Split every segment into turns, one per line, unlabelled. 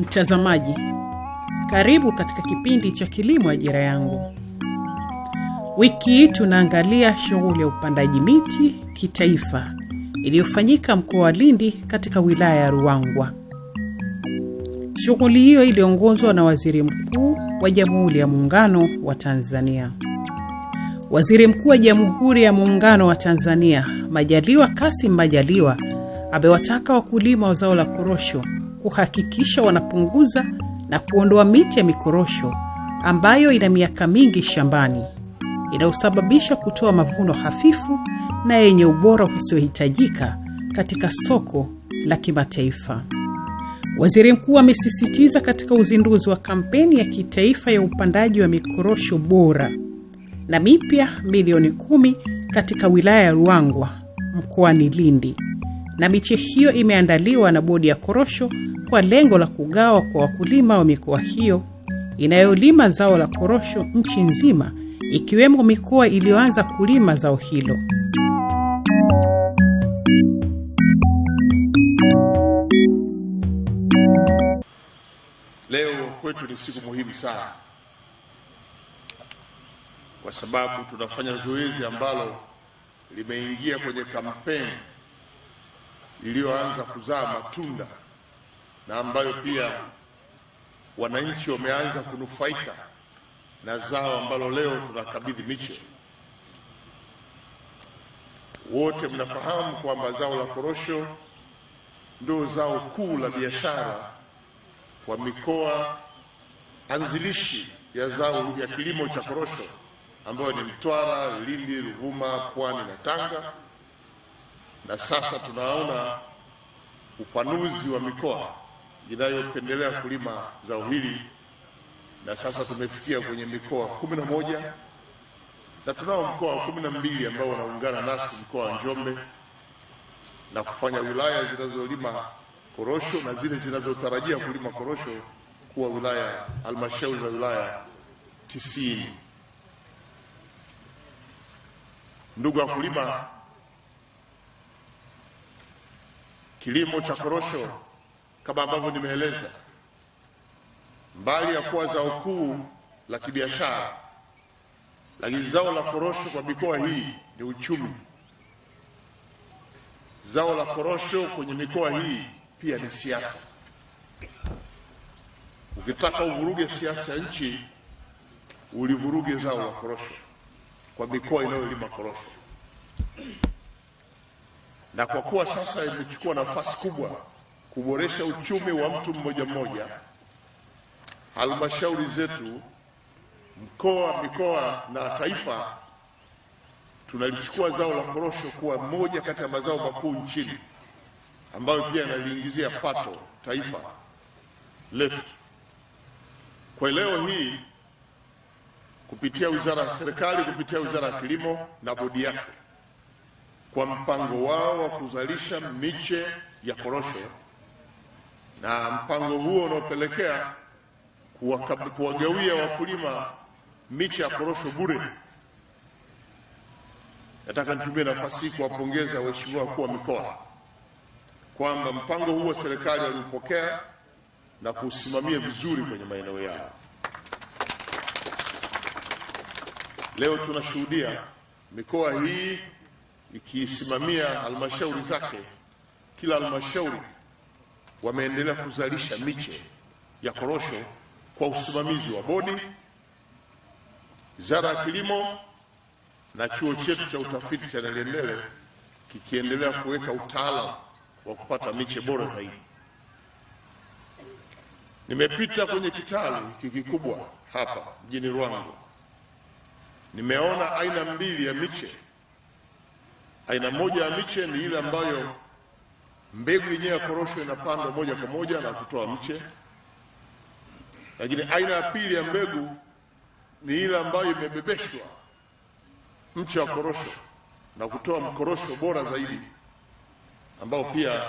Mtazamaji, karibu katika kipindi cha Kilimo Ajira Yangu. Wiki hii tunaangalia shughuli ya upandaji miti kitaifa iliyofanyika mkoa wa Lindi katika wilaya ya Ruangwa. Shughuli hiyo iliongozwa na Waziri Mkuu wa Jamhuri ya Muungano wa Tanzania. Waziri Mkuu wa Jamhuri ya Muungano wa Tanzania, Majaliwa kasim Majaliwa, amewataka wakulima wa zao la korosho kuhakikisha wanapunguza na kuondoa miti ya mikorosho ambayo ina miaka mingi shambani inayosababisha kutoa mavuno hafifu na yenye ubora usiohitajika katika soko la kimataifa. Waziri Mkuu amesisitiza katika uzinduzi wa kampeni ya kitaifa ya upandaji wa mikorosho bora na mipya milioni kumi katika wilaya ya Ruangwa mkoani Lindi, na miche hiyo imeandaliwa na Bodi ya Korosho kwa lengo la kugawa kwa wakulima wa mikoa hiyo inayolima zao la korosho nchi nzima, ikiwemo mikoa iliyoanza kulima zao hilo.
Leo kwetu ni siku muhimu sana, kwa sababu tunafanya zoezi ambalo limeingia kwenye kampeni iliyoanza kuzaa matunda na ambayo pia wananchi wameanza kunufaika na zao ambalo leo tunakabidhi miche. Wote mnafahamu kwamba zao la korosho ndio zao kuu la biashara kwa mikoa anzilishi ya zao ya kilimo cha korosho ambayo ni Mtwara, Lindi, Ruvuma, Pwani na Tanga, na sasa tunaona upanuzi wa mikoa inayopendelea kulima zao hili, na sasa tumefikia kwenye mikoa kumi na moja na tunao mkoa wa kumi na mbili ambao wanaungana nasi mkoa wa Njombe na kufanya wilaya zinazolima korosho na zile zinazotarajia kulima korosho kuwa wilaya halmashauri za wilaya tisini. Ndugu wakulima, kilimo cha korosho kama ambavyo nimeeleza, mbali ya kuwa zao kuu la kibiashara, lakini zao la korosho kwa mikoa hii ni uchumi. Zao la korosho kwenye mikoa hii pia ni siasa. Ukitaka uvuruge siasa ya nchi, ulivuruge zao la korosho kwa mikoa inayolima korosho, na kwa kuwa sasa imechukua nafasi kubwa kuboresha uchumi wa mtu mmoja mmoja, halmashauri zetu, mkoa, mikoa na taifa, tunalichukua zao la korosho kuwa moja kati ya mazao makuu nchini ambayo pia yanaliingizia pato taifa letu. Kwa leo hii kupitia wizara ya serikali kupitia wizara ya kilimo na bodi yake kwa mpango wao wa kuzalisha miche ya korosho na mpango huo unaopelekea kuwagawia wakulima miche ya korosho bure. Nataka nitumie nafasi hii kuwapongeza waheshimiwa wakuu wa mikoa kwamba mpango huo serikali aliupokea na kuusimamia vizuri kwenye maeneo yao. Leo tunashuhudia mikoa hii ikisimamia halmashauri zake, kila halmashauri wameendelea kuzalisha miche ya korosho kwa usimamizi wa bodi, wizara ya kilimo na chuo chetu cha utafiti cha Naliendele kikiendelea kuweka utaalamu wa kupata miche bora zaidi. Nimepita kwenye kitalu kikikubwa hapa mjini Ruangwa, nimeona aina mbili ya miche. Aina moja ya miche ni ile ambayo Mbegu yenyewe ya korosho inapandwa moja kwa moja na kutoa mche, lakini aina ya pili ya mbegu ni ile ambayo imebebeshwa mche wa korosho na kutoa mkorosho bora zaidi, ambao pia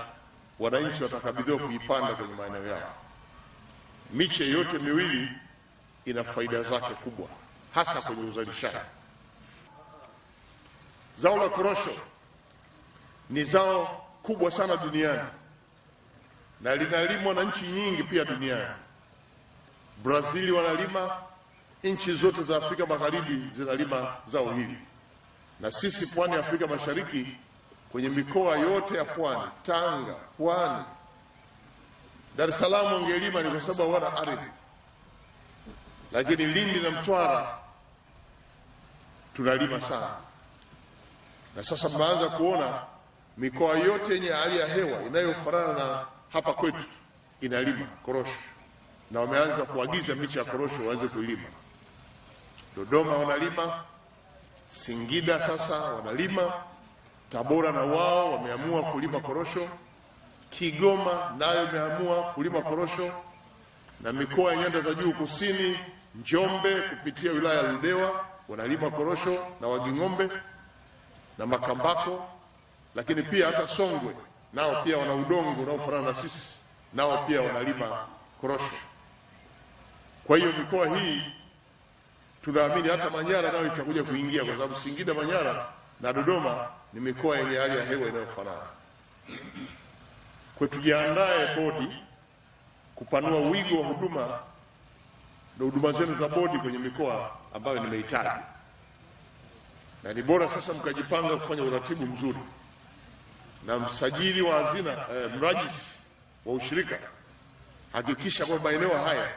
wananchi watakabidhiwa kuipanda kwenye maeneo yao. Miche yote miwili ina faida zake kubwa, hasa kwenye uzalishaji. Zao la korosho ni zao kubwa sana duniani na linalimwa na nchi nyingi pia duniani. Brazili wanalima, nchi zote za Afrika Magharibi zinalima zao hili, na sisi pwani ya Afrika Mashariki kwenye mikoa yote ya pwani, Tanga, Pwani, Dar es Salaam wangelima, ni kwa sababu wana ardhi. Lakini Lindi na Mtwara tunalima sana, na sasa mnaanza kuona Mikoa yote yenye hali ya hewa inayofanana na hapa kwetu inalima korosho, na wameanza kuagiza miche ya korosho waanze kuilima. Dodoma wanalima, Singida sasa wanalima, Tabora na wao wameamua kulima korosho, Kigoma nayo imeamua kulima korosho, na mikoa ya nyanda za juu kusini, Njombe kupitia wilaya ya Ludewa wanalima korosho na Waging'ombe na Makambako lakini pia hata Songwe nao pia wana udongo unaofanana na sisi, nao pia wanalima korosho. Kwa hiyo mikoa hii tunaamini hata Manyara nayo itakuja kuingia, kwa sababu Singida, Manyara na Dodoma ni mikoa yenye hali ya hewa inayofanana. Kwa tujiandae bodi kupanua wigo wa huduma na huduma zenu za bodi kwenye mikoa ambayo nimeitaja, na ni bora sasa mkajipanga kufanya uratibu mzuri na msajili wa hazina eh, mrajisi wa ushirika hakikisha kwamba maeneo haya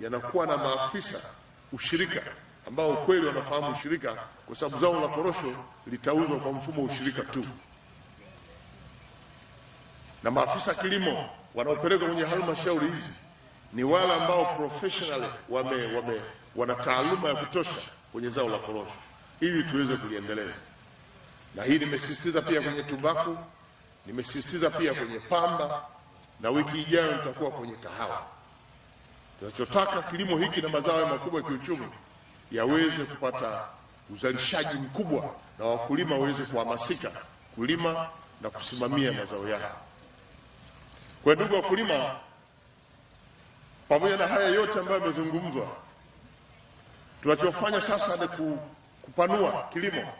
yanakuwa na maafisa ushirika ambao ukweli wanafahamu ushirika, kwa sababu zao la korosho litauzwa kwa mfumo wa ushirika tu, na maafisa kilimo wanaopelekwa kwenye halmashauri hizi ni wale ambao professional wame, wame, wana taaluma ya kutosha kwenye zao la korosho ili tuweze kuliendeleza, na hii nimesisitiza pia kwenye tumbaku Nimesisitiza pia kwenye pamba na wiki ijayo nitakuwa kwenye kahawa. Tunachotaka kilimo hiki na mazao ya makubwa ya kiuchumi yaweze kupata uzalishaji mkubwa na wakulima waweze kuhamasika kulima na kusimamia mazao yao. Kwa ndugu wakulima, pamoja na haya yote ambayo yamezungumzwa, tunachofanya sasa ni kupanua kilimo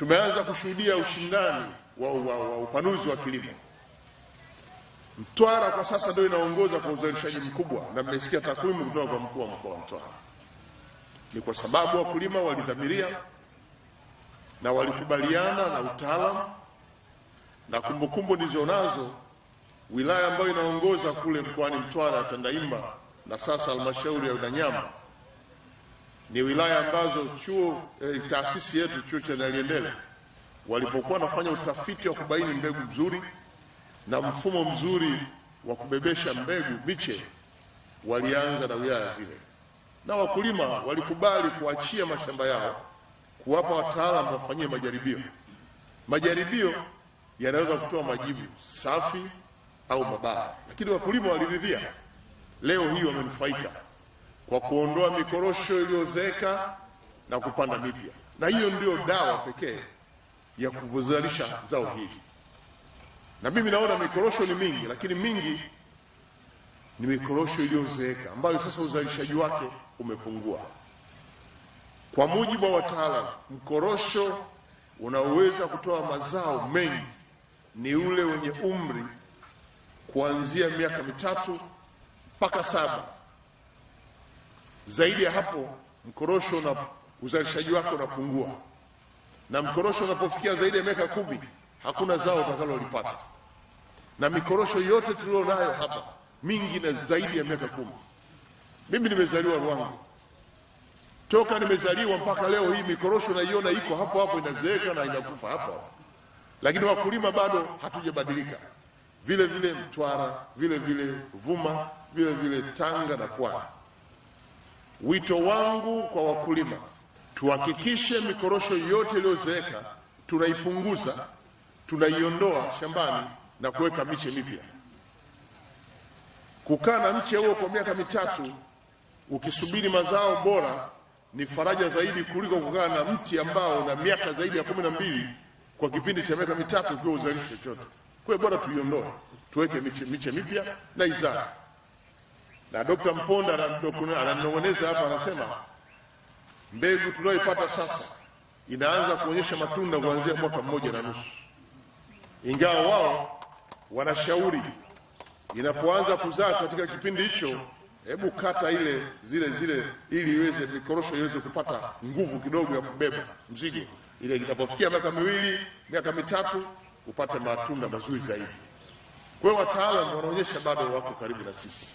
Tumeanza kushuhudia ushindani wa, wa, wa upanuzi wa kilimo. Mtwara kwa sasa ndio inaongoza kwa uzalishaji mkubwa, na mmesikia takwimu kutoka kwa mkuu wa mkoa wa Mtwara. Ni kwa sababu wakulima walidhamiria na walikubaliana na utaalamu na kumbukumbu nilizonazo, wilaya ambayo inaongoza kule mkoani Mtwara ya Tandaimba na sasa halmashauri ya Udanyama ni wilaya ambazo chuo eh, taasisi yetu chuo cha Naliendele walipokuwa wanafanya utafiti wa kubaini mbegu nzuri na mfumo mzuri wa kubebesha mbegu miche, walianza na wilaya zile, na wakulima walikubali kuachia mashamba yao, kuwapa wataalamu wafanyie majaribio. Majaribio yanaweza kutoa majibu safi au mabaya, lakini wakulima waliridhia. Leo hii wamenufaika kwa kuondoa mikorosho iliyozeeka na kupanda mipya, na hiyo ndiyo dawa pekee ya kuzalisha zao hili. Na mimi naona mikorosho ni mingi, lakini mingi ni mikorosho iliyozeeka ambayo sasa uzalishaji wake umepungua. Kwa mujibu wa wataalamu, mkorosho unaoweza kutoa mazao mengi ni ule wenye umri kuanzia miaka mitatu mpaka saba. Zaidi ya hapo, mkorosho na uzalishaji wake unapungua, na mkorosho unapofikia zaidi ya miaka kumi hakuna zao utakalolipata, na mikorosho yote tulio nayo hapa mingi na zaidi ya miaka kumi. Mimi nimezaliwa Ruangwa, toka nimezaliwa mpaka leo hii mikorosho naiona iko hapo hapo, inazeeka na inakufa hapo hapo, lakini wakulima bado hatujabadilika. Vile vile Mtwara, vile vile vuma vile vile Tanga na Pwani. Wito wangu kwa wakulima, tuhakikishe mikorosho yote iliyozeeka tunaipunguza, tunaiondoa shambani na kuweka miche mipya. Kukaa na mche huo kwa miaka mitatu ukisubiri mazao bora ni faraja zaidi kuliko kukaa na mti ambao na miaka zaidi ya kumi na mbili kwa kipindi cha miaka mitatu ukiwa uzalishi chochote. Kwa hiyo bora tuiondoe, tuweke miche miche mipya na izaa na Dr. Mponda ananong'oneza hapa, anasema mbegu tunayoipata sasa inaanza kuonyesha matunda kuanzia mwaka mmoja na nusu, ingawa wao wanashauri inapoanza kuzaa katika kipindi hicho, hebu kata ile zile zile, ili iweze mikorosho iweze kupata nguvu kidogo ya kubeba mzigo, ile inapofikia miaka miwili miaka mitatu upate matunda mazuri zaidi. Kwa hiyo wataalamu wanaonyesha bado wako karibu na sisi.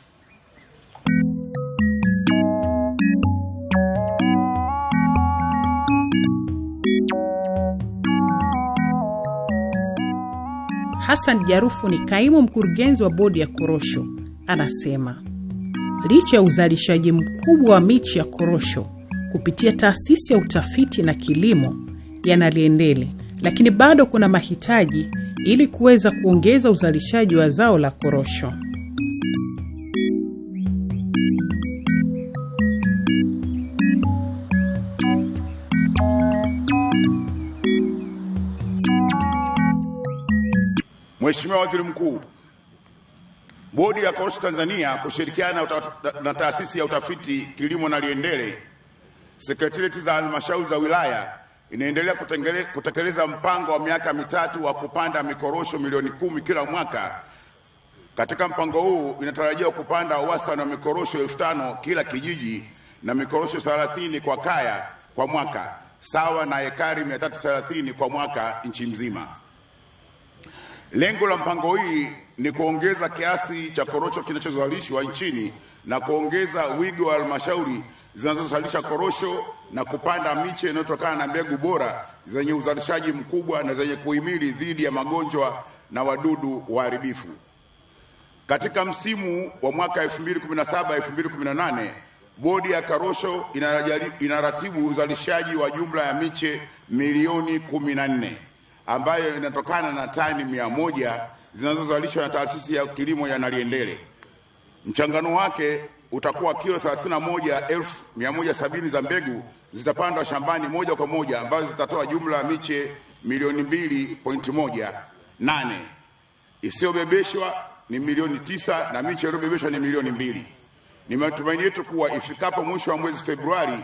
Hassan Jarufu ni kaimu mkurugenzi wa bodi ya korosho, anasema licha ya uzalishaji mkubwa wa michi ya korosho kupitia taasisi ya utafiti na kilimo yanaliendele lakini bado kuna mahitaji ili kuweza kuongeza uzalishaji wa zao la korosho.
Mheshimiwa Waziri Mkuu, Bodi ya Korosho Tanzania kushirikiana na Taasisi ya Utafiti Kilimo na Liendele, sekretarieti za halmashauri za wilaya inaendelea kutekeleza mpango wa miaka mitatu wa kupanda mikorosho milioni kumi kila mwaka. Katika mpango huu inatarajiwa kupanda wastani wa mikorosho elfu tano kila kijiji na mikorosho 30 kwa kaya kwa mwaka, sawa na ekari 330 kwa mwaka nchi mzima. Lengo la mpango hii ni kuongeza kiasi cha korosho kinachozalishwa nchini na kuongeza wigo wa halmashauri zinazozalisha korosho na kupanda miche inayotokana na mbegu bora zenye uzalishaji mkubwa na zenye kuhimili dhidi ya magonjwa na wadudu waharibifu. Katika msimu wa mwaka 2017 2018, bodi ya korosho inaratibu uzalishaji wa jumla ya miche milioni 14 ambayo inatokana na tani mia moja zinazozalishwa na taasisi ya kilimo ya Naliendele. Mchangano wake utakuwa kilo 31,170 za mbegu zitapandwa shambani moja kwa moja ambazo zitatoa jumla ya miche milioni 2.18. Isiyobebeshwa ni milioni tisa na miche iliyobebeshwa ni milioni mbili. Ni matumaini yetu kuwa ifikapo mwisho wa mwezi Februari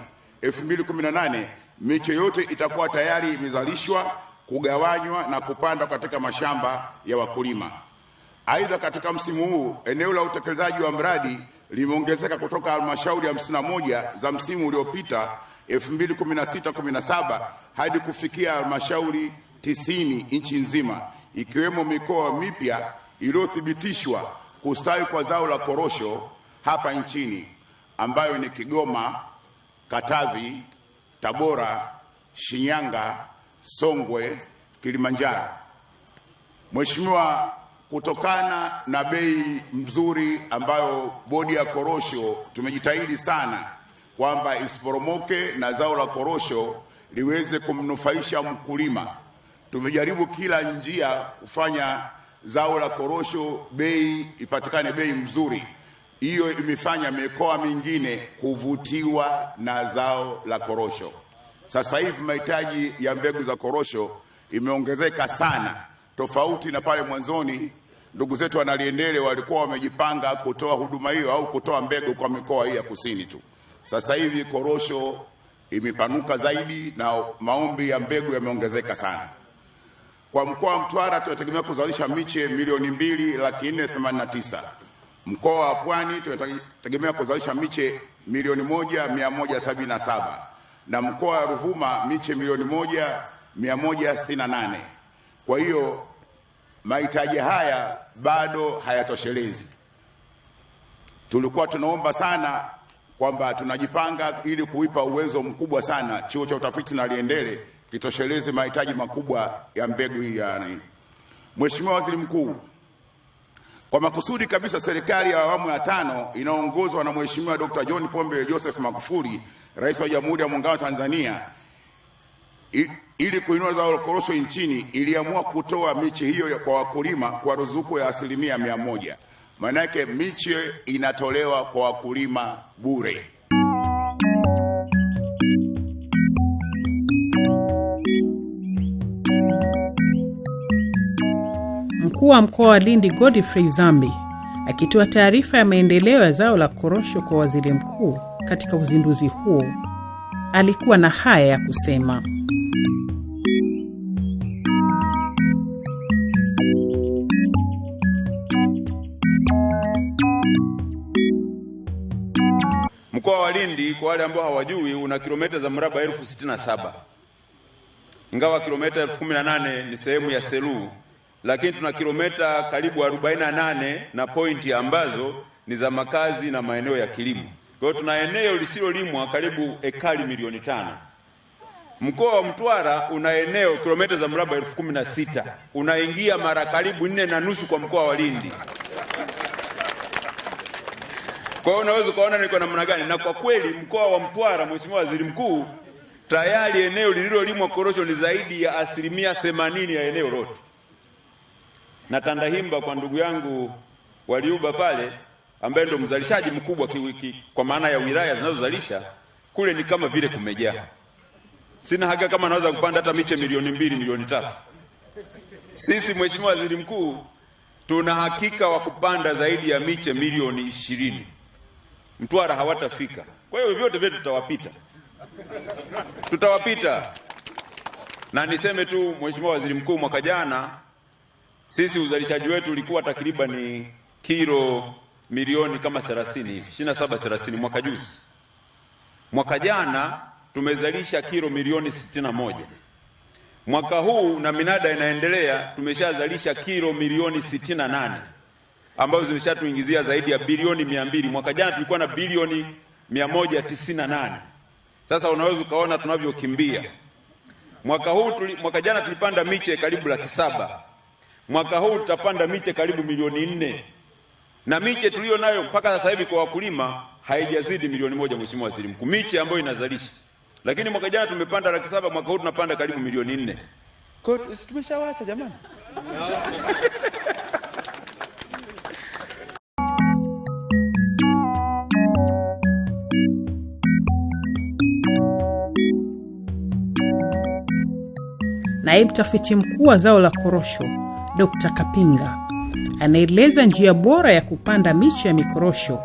2018 miche yote itakuwa tayari imezalishwa kugawanywa na kupandwa katika mashamba ya wakulima. Aidha, katika msimu huu eneo la utekelezaji wa mradi limeongezeka kutoka halmashauri 51 za msimu uliopita 2016/17 hadi kufikia halmashauri 90 nchi nzima, ikiwemo mikoa mipya iliyothibitishwa kustawi kwa zao la korosho hapa nchini ambayo ni Kigoma, Katavi, Tabora, Shinyanga Songwe, Kilimanjaro. Mheshimiwa, kutokana na bei mzuri ambayo bodi ya korosho tumejitahidi sana kwamba isiporomoke na zao la korosho liweze kumnufaisha mkulima. Tumejaribu kila njia kufanya zao la korosho bei ipatikane bei mzuri. Hiyo imefanya mikoa mingine kuvutiwa na zao la korosho. Sasa hivi mahitaji ya mbegu za korosho imeongezeka sana, tofauti na pale mwanzoni ndugu zetu wanaliendele walikuwa wamejipanga kutoa huduma hiyo au kutoa mbegu kwa mikoa hii ya kusini tu. Sasa hivi korosho imepanuka zaidi na maombi ya mbegu yameongezeka sana. Kwa mkoa wa Mtwara tunategemea kuzalisha miche milioni mbili laki nne themanini na tisa. Mkoa wa Pwani tunategemea kuzalisha miche milioni moja mia moja sabini na saba na mkoa wa Ruvuma miche milioni moja mia moja sitini na nane. Kwa hiyo mahitaji haya bado hayatoshelezi. Tulikuwa tunaomba sana kwamba tunajipanga ili kuipa uwezo mkubwa sana chuo cha utafiti na liendele kitosheleze mahitaji makubwa ya mbegu hii Yani, Mheshimiwa Waziri Mkuu, kwa makusudi kabisa serikali ya awamu ya tano inayoongozwa na Mheshimiwa Dr. John Pombe Joseph Magufuli Rais wa Jamhuri ya Muungano wa Tanzania ili kuinua zao la korosho nchini, iliamua kutoa miche hiyo kwa wakulima kwa ruzuku ya asilimia mia moja. Maana yake miche inatolewa kwa wakulima bure.
Mkuu wa mkoa wa Lindi Godfrey Zambi akitoa taarifa ya maendeleo ya zao la korosho kwa waziri mkuu katika uzinduzi huo alikuwa na haya ya kusema:
Mkoa wa Lindi kwa wale ambao hawajui, una kilomita za mraba elfu sitini na saba ingawa kilomita elfu kumi na nane ni sehemu ya seluu lakini tuna kilomita karibu 48 na pointi ambazo ni za makazi na maeneo ya kilimo. Kwa hiyo tuna eneo lisilolimwa karibu ekari milioni tano. Mkoa wa Mtwara una eneo kilomita za mraba elfu kumi na sita unaingia mara karibu nne na nusu kwa mkoa wa Lindi. Kwa hiyo unaweza ukaona ni kwa namna gani, na kwa kweli mkoa wa Mtwara, Mheshimiwa Waziri Mkuu, tayari eneo lililolimwa korosho ni zaidi ya asilimia themanini ya eneo lote, na Tandahimba kwa ndugu yangu Waliuba pale ambaye ndio mzalishaji mkubwa kiwiki, kwa maana ya wilaya zinazozalisha kule, ni kama vile kumejaa. Sina hakika kama naweza kupanda hata miche milioni mbili milioni tatu. Sisi Mheshimiwa Waziri Mkuu, tuna hakika wa kupanda zaidi ya miche milioni ishirini. Mtwara hawatafika, kwa hiyo vyote vyetu tutawapita, tutawapita. Na niseme tu Mheshimiwa Waziri Mkuu, mwaka jana sisi uzalishaji wetu ulikuwa takriban kilo milioni kama 30 hivi 27 30 mwaka juzi. Mwaka jana tumezalisha kilo milioni 61. Mwaka huu na minada inaendelea, tumeshazalisha kilo milioni 68 ambazo zimeshatuingizia zaidi ya bilioni 200. Mwaka jana tulikuwa na bilioni 198. Sasa unaweza ukaona tunavyokimbia. Mwaka huu tuli, mwaka jana tulipanda miche karibu laki saba. Mwaka huu tutapanda miche karibu milioni nne na miche tuliyo nayo mpaka sasa hivi kwa wakulima haijazidi milioni moja, Mheshimiwa Waziri Mkuu, miche ambayo inazalisha. Lakini mwaka jana tumepanda laki saba, mwaka huu tunapanda karibu milioni nne. Kwa hiyo tumeshawacha jamani.
Naibu mkuu wa zao la korosho Dr. Kapinga anaeleza njia bora ya kupanda miche ya mikorosho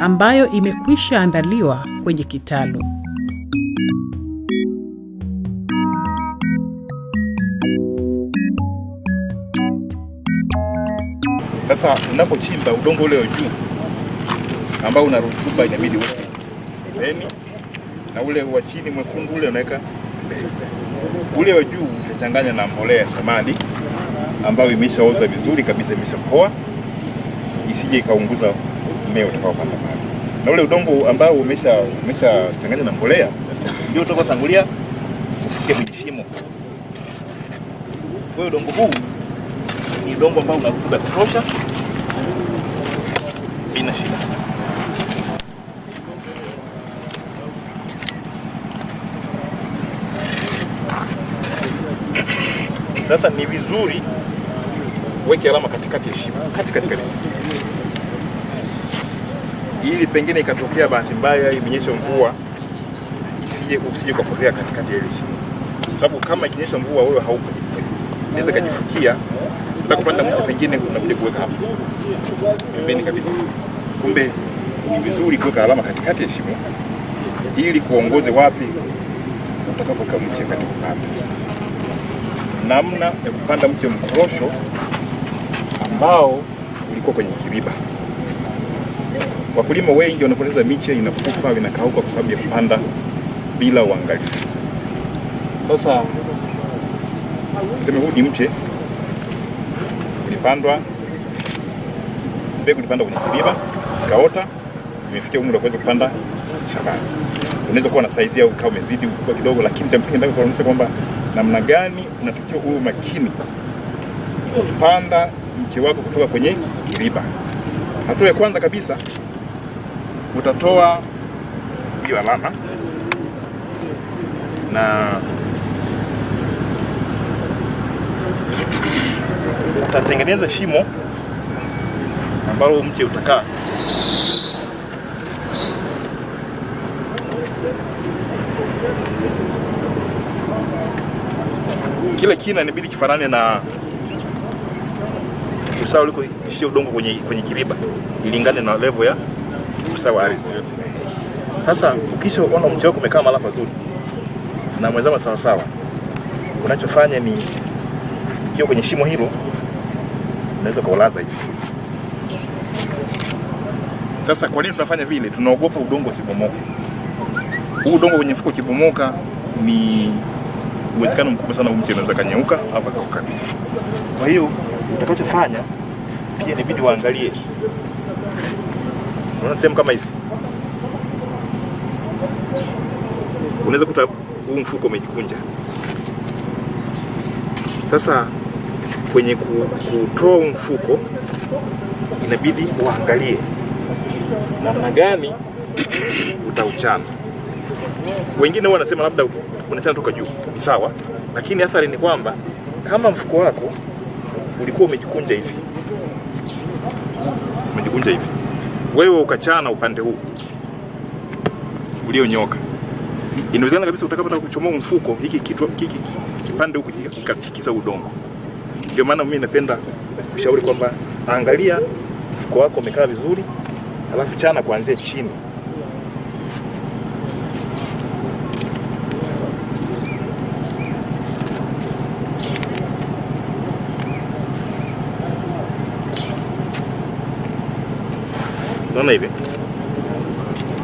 ambayo imekwisha andaliwa kwenye kitalu.
Sasa unapochimba udongo ule wa juu ambao una rutuba inabidi uweke pembeni, na ule wa chini mwekundu ule unaweka pembeni. Ule wa juu utachanganya na mbolea ya samadi ambayo imeshaoza vizuri kabisa, imeshapoa isije ikaunguza mmea utakaopanda pale, na ule udongo ambao umesha umeshachanganywa na mbolea ndio utakaotangulia kufika kwenye shimo. Kwa hiyo udongo huu ni udongo ambao una rutuba ya kutosha, bila shida. Sasa ni vizuri weke alama katikati ya shimo katikati kabisa, ili pengine ikatokea bahati mbaya imenyesha mvua isije usije ukapotea katikati ya ile shimo, kwa sababu kama ikinyesha mvua wewe haupo, inaweza kajifukia na kupanda mti, pengine unakuja kuweka hapo pembeni kabisa. Kumbe ni vizuri kuweka alama katikati ya shimo ili kuongoze wapi utakapoweka mche katika kupanda. Namna ya kupanda mche mkorosho mbao ulikuwa kwenye kiriba. Wakulima wengi wanapoteza miche, inakufa inakauka kwa sababu ya kupanda bila uangalifu. Sasa sema huu ni mche ulipandwa, mbegu ulipanda kwenye kiriba, ikaota, imefikia umri wa kuweza kupanda shambani. Unaweza kuwa na saizi au ukawa umezidi ukubwa kidogo, lakini cha msingi kuonyesha kwamba namna gani unatakiwa uwe makini panda mche wako kutoka kwenye kiriba. Hatua ya kwanza kabisa utatoa hiyo alama na utatengeneza shimo ambalo mche utakaa. Kile kina inabidi kifanane na usawa ulikoishia udongo kwenye, kwenye kiriba ilingane na levo ya usawa wa ardhi. Sasa ukishaona mche wako umekaa mahali pazuri na mwezama sawa sawa, unachofanya ni ukiwa kwenye shimo hilo unaweza kaulaza hivi. Sasa kwa nini tunafanya vile? Tunaogopa udongo usibomoke. Huu udongo kwenye mfuko ukibomoka, ni uwezekano mkubwa sana mche unaweza kanyeuka hapa kabisa. Kwa hiyo utakachofanya pia inabidi waangalie. Unaona sehemu kama hizi unaweza kuta huu mfuko umejikunja. Sasa kwenye kutoa mfuko inabidi waangalie namna gani utauchana. Wengine huwa wanasema labda unachana toka juu, ni sawa, lakini athari ni kwamba kama mfuko wako ulikuwa umejikunja hivi nitakuuliza hivi, wewe ukachana upande huu ulionyoka, inawezekana kabisa utakapata kuchomoa mfuko hiki kitu hiki kipande huku kikatikisa udongo. Ndio maana mimi napenda kushauri kwamba angalia mfuko wako umekaa vizuri, alafu chana kuanzia chini Unaona hivi?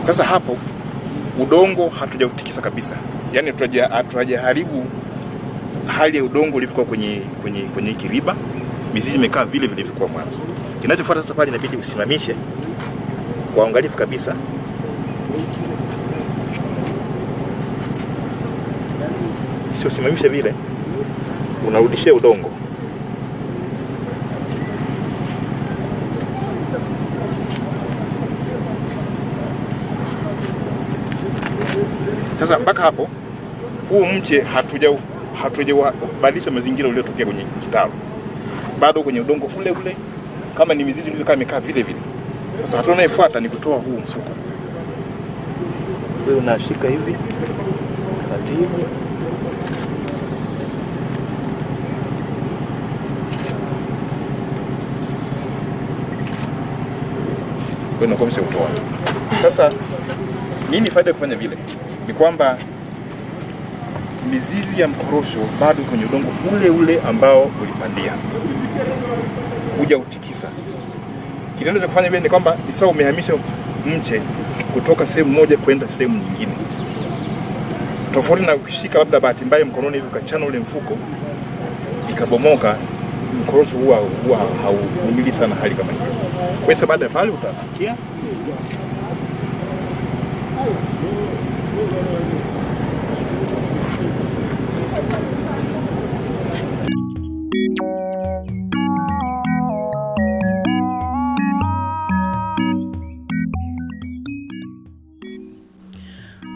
Sasa hapo udongo hatujautikisa kabisa, yaani hatujaharibu hali ya udongo ulivyokuwa kwenye kwenye kwenye kiriba. Mizizi imekaa vile vilivyokuwa mwanzo. Kinachofuata sasa pale inabidi usimamishe kwa uangalifu kabisa Sio simamishe vile, unarudishia udongo Sasa mpaka hapo huu mche hatujaubadilisha mazingira uliotokea kwenye kitalu, bado kwenye udongo ule ule, kama ni mizizi ilivyokaa imekaa vile vile. Sasa hatua inayofuata ni kutoa huu mfuko. Wewe unashika hivi karibu utoa. Sasa nini faida ya kufanya vile? ni kwamba mizizi ya mkorosho bado kwenye udongo ule ule ambao ulipandia, huja utikisa. Kitendo cha kufanya vile ni kwamba ni sawa umehamisha mche kutoka sehemu moja kwenda sehemu nyingine, tofauti na ukishika labda bahati mbaya mkononi hivi ukachana ule mfuko ikabomoka, mkorosho huwa huwa hauhimili sana hali kama hiyo. Kwa sababu baada ya pale utafikia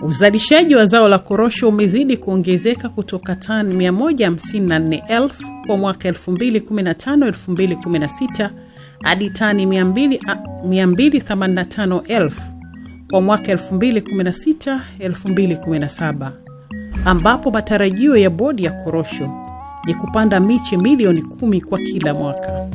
Uzalishaji wa zao la korosho umezidi kuongezeka kutoka tani 154,000 kwa mwaka 2015-2016 hadi tani 285,000 kwa mwaka 2016-2017 ambapo matarajio ya bodi ya korosho ni kupanda miche milioni kumi kwa kila mwaka.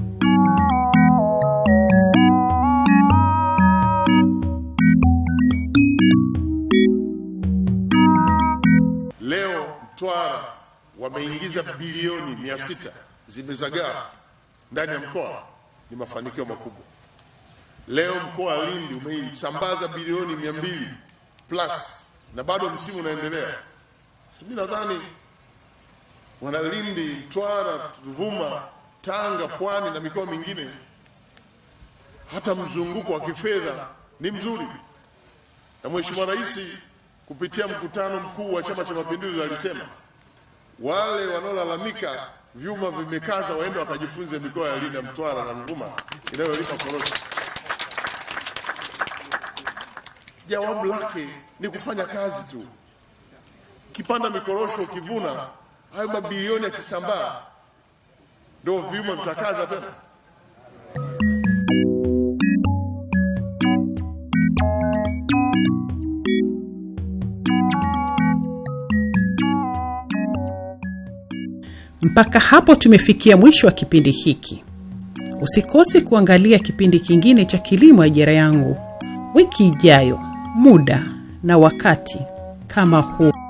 Mtwara wameingiza bilioni mia sita zimezagaa ndani ya mkoa, ni mafanikio makubwa. Leo mkoa wa Lindi umeisambaza bilioni mia mbili plus na bado msimu unaendelea. Mimi nadhani wana Lindi, Mtwara, Ruvuma, Tanga, Pwani na mikoa mingine, hata mzunguko wa kifedha ni mzuri na Mheshimiwa Rais kupitia mkutano mkuu wa Chama cha Mapinduzi alisema wale wanaolalamika vyuma vimekaza waende wakajifunze mikoa ya Lindi, Mtwara na Ruvuma inayolipa korosho. Jawabu lake ni kufanya kazi tu. Kipanda mikorosho, ukivuna hayo mabilioni ya kisambaa, ndio vyuma vitakaza tena.
Mpaka hapo tumefikia mwisho wa kipindi hiki. Usikose kuangalia kipindi kingine cha Kilimo Ajira Yangu wiki ijayo, muda na wakati kama huu.